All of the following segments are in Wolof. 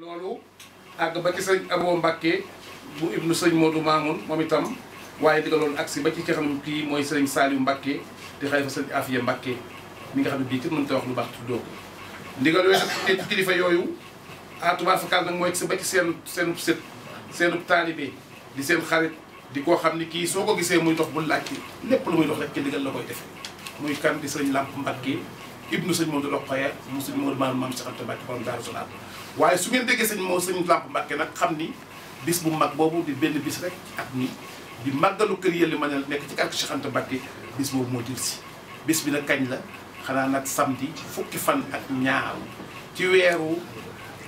loolu àgg ba ci sëñ Abo Mbàkke bu ibnu sëñ Modou Mamoun moom itam waaye di loolu si ba ci ki xam kii mooy sëñ Saliou Mbàkke di xalifa sëñ Afiya Mbàkke mi nga xam ne bii kenn mënta wax lu baax tuddoo ko ndigal yooyu nag kilifa yooyu à tubaab fakal nag mooy si ba ci seen seenub sët seenub taalibe di seen xarit di koo xam ni kii soo ko gisee muy dox bu laaj lépp lu muy dox rek ci la koy defee muy kan di sëñ Làmp Mbàkke ibnu sëñ Modou Rokhaya mu sëñ Modou Maam Maam Cheikh Anta Mbacke borom Daaru Salaam waaye su ngeen déggee sëñ moo sëñ Lamp Mbacke nag xam ni bis bu mag boobu di benn bis rek ci at mi di màggalu kër yëlli ma ne nekk ci kàr Cheikh Anta Mbacke bis boobu moo jël si bis bi nag kañ la xanaa nag samedi fukki fan ak ñaar ci weeru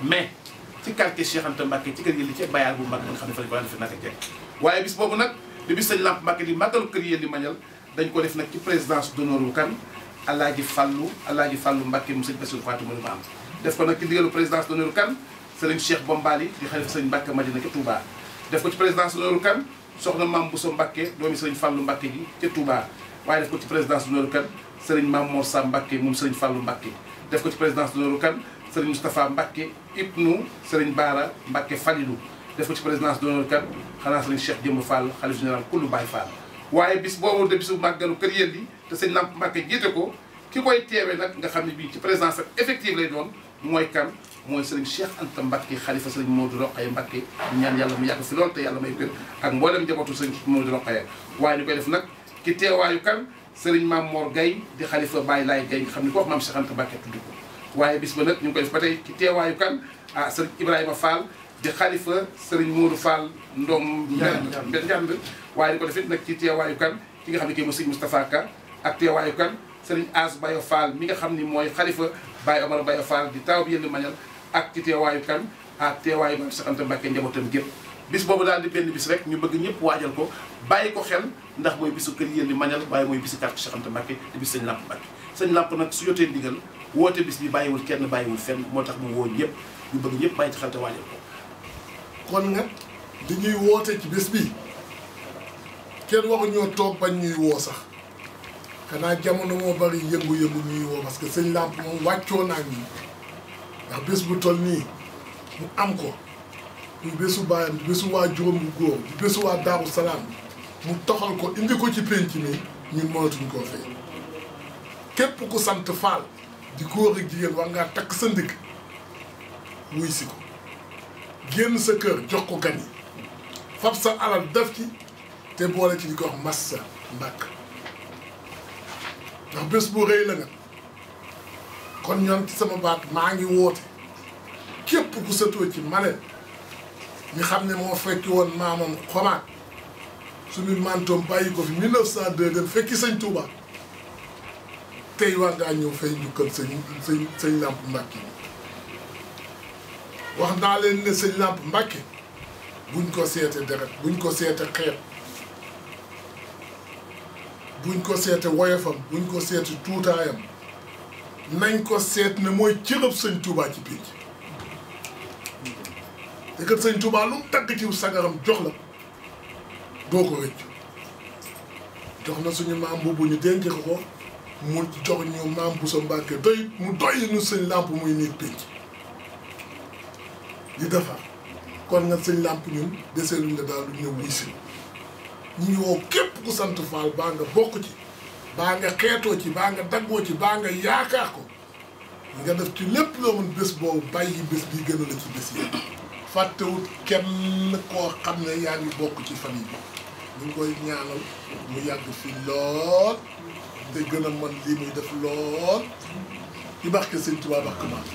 mai ci quartier Cheikh Anta Mbacke ci kër yëlli ci bayaal bu mag ba nga xam ne fa la fi naka jekk waaye bis boobu nag di bis sëñ Lamp Mbacke di màggalu kër yëlli mañal dañ ko def nag ci présidence d'honneur kan alaaji fàllu alaaji fàllu mbàkke mu sëñ Bassirou Faty Mourid Maam def ko nag ci ndigalu présidence d'honneur kan sëriñ Cheikh Bombali di xalifa sëriñ Mbàkke Madina ca Touba def ko ci présidence d'honneur kan soxna Maam Bousso Mbàkke doomi sëriñ fàllu mbàkke ji ca Touba waaye def ko ci présidence moom sëriñ fàllu mbàkke def ko ci présidence d'honneur kan sëriñ Moustapha Mbàkke ibnu sëriñ Baara Mbàkke Falilou def ko ci présidence d'honneur kan xanaa sëriñ Cheikh Jëmb Fall xalifa général kullu Baye Fall waaye bis boobu de bisu màggalu kër Yelli te sëñ Lamp Mbàkke jiite ko ki koy teewee nag nga xam ne bii ci présence effective lay doon mooy kan mooy sëriñ Cheikh Anta Mbacke xalifa sëriñ Modou Rokhaya Mbacke ñaan yàlla mu yàgg fi lool te yàlla may kër ak mboolem njabootu sëriñ Modou Rokhaya waaye ñu koy def nag ki teewaayu kan sëriñ Maam Mor Gaye di xalifa Baye Laay Gaye nga xam ni ko wax maam Cheikh Anta Mbacke tudd ko waaye bis ba nag ñu ngi koy def ba tey ki teewaayu kan ah Ibrahima Fall di xalifa Serigne Modou Fall ndoom benn njànd waaye di ko defit nag ci teewaayu kan ki nga xam ne kii mooy Serigne Moustapha Ka ak teewaayu kan Serigne As Bayo Fall mi nga xam ni mooy xalifa Baye Omar Bayo Fall di taw bi yënd mañal ak ci teewaayu kan ak teewaayu Maam Cheikh Anta Mbacké njabootam gépp bis boobu daal di benn bis rek ñu bëgg ñëpp waajal ko bàyyi ko xel ndax mooy bisu kër yéen di mañal waaye mooy bisu kàttu Cheikh Anta Mbacké te bis sëñ nag su jotee moo tax mu woo ñëpp te waajal ko kon nag li ñuy woote ci bés bi kenn waxuñoo toog bañ ñuy woo sax xanaa jamono moo bari yëngu-yëngu ñuy woo parce que sëñ làmp moom wàccoo naa ñi ndax bés bu toll nii mu am ko du bésu baayam du bésu waa juróom bu góor du bésu waa daaru salaam mu toxal ko indi ko ci pénc mi ñun mënatuñ koo fay képp ku sant faal di góor ak jigéen war ngaa takk sa ndigg wuy ko génn sa kër jox ko gan yi fab sa alal def ci te boole ci di ko wax massa mbàkk ndax bés bu rëy la nga kon ñoom ci sama baat maa ngi woote képp ku sëtoo ci maleen ñu xam ne moo fekki woon maamam xomaat suñu mantoom bàyyi ko fi 1902 dem fekki sëñ Touba tey war ngaa ñëw fay njukkal sëñ sëñ làmp mbàkk yi wax naa leen ne sëñ Lamp Mbàkke buñ ko seete deret buñ ko seete xeet buñ ko seete woyofam buñ ko seete tuutaayam nañ ko seet ne mooy cërëb sëñ Touba ci pénc te kat sëñ Touba lu mu tagg ci sagaram jox la doo ko rëcc jox na suñu maam boobu ñu denc ko mu jox ñu maam bu sa Mbàkke doy mu doy nu sëñ Lamp muy niir pénc li defar kon nga sëñ làmp ñun deseeluñ la daal lu ñëw wuy si ñu ngi woo képp ku sant Fall baa nga bokk ci baa nga xeetoo ci baa nga daggoo ci baa nga yaakaar ko nga def ci lépp loo mën bés boobu bàyyi bés bii gën a ci bés yi fàttewut kenn koo xam ne yaa ngi bokk ci famille bi ñu ngi koy ñaanal mu yàgg fi lool te gën a mën muy def lool ci barke sëñ Tuubaa barke maam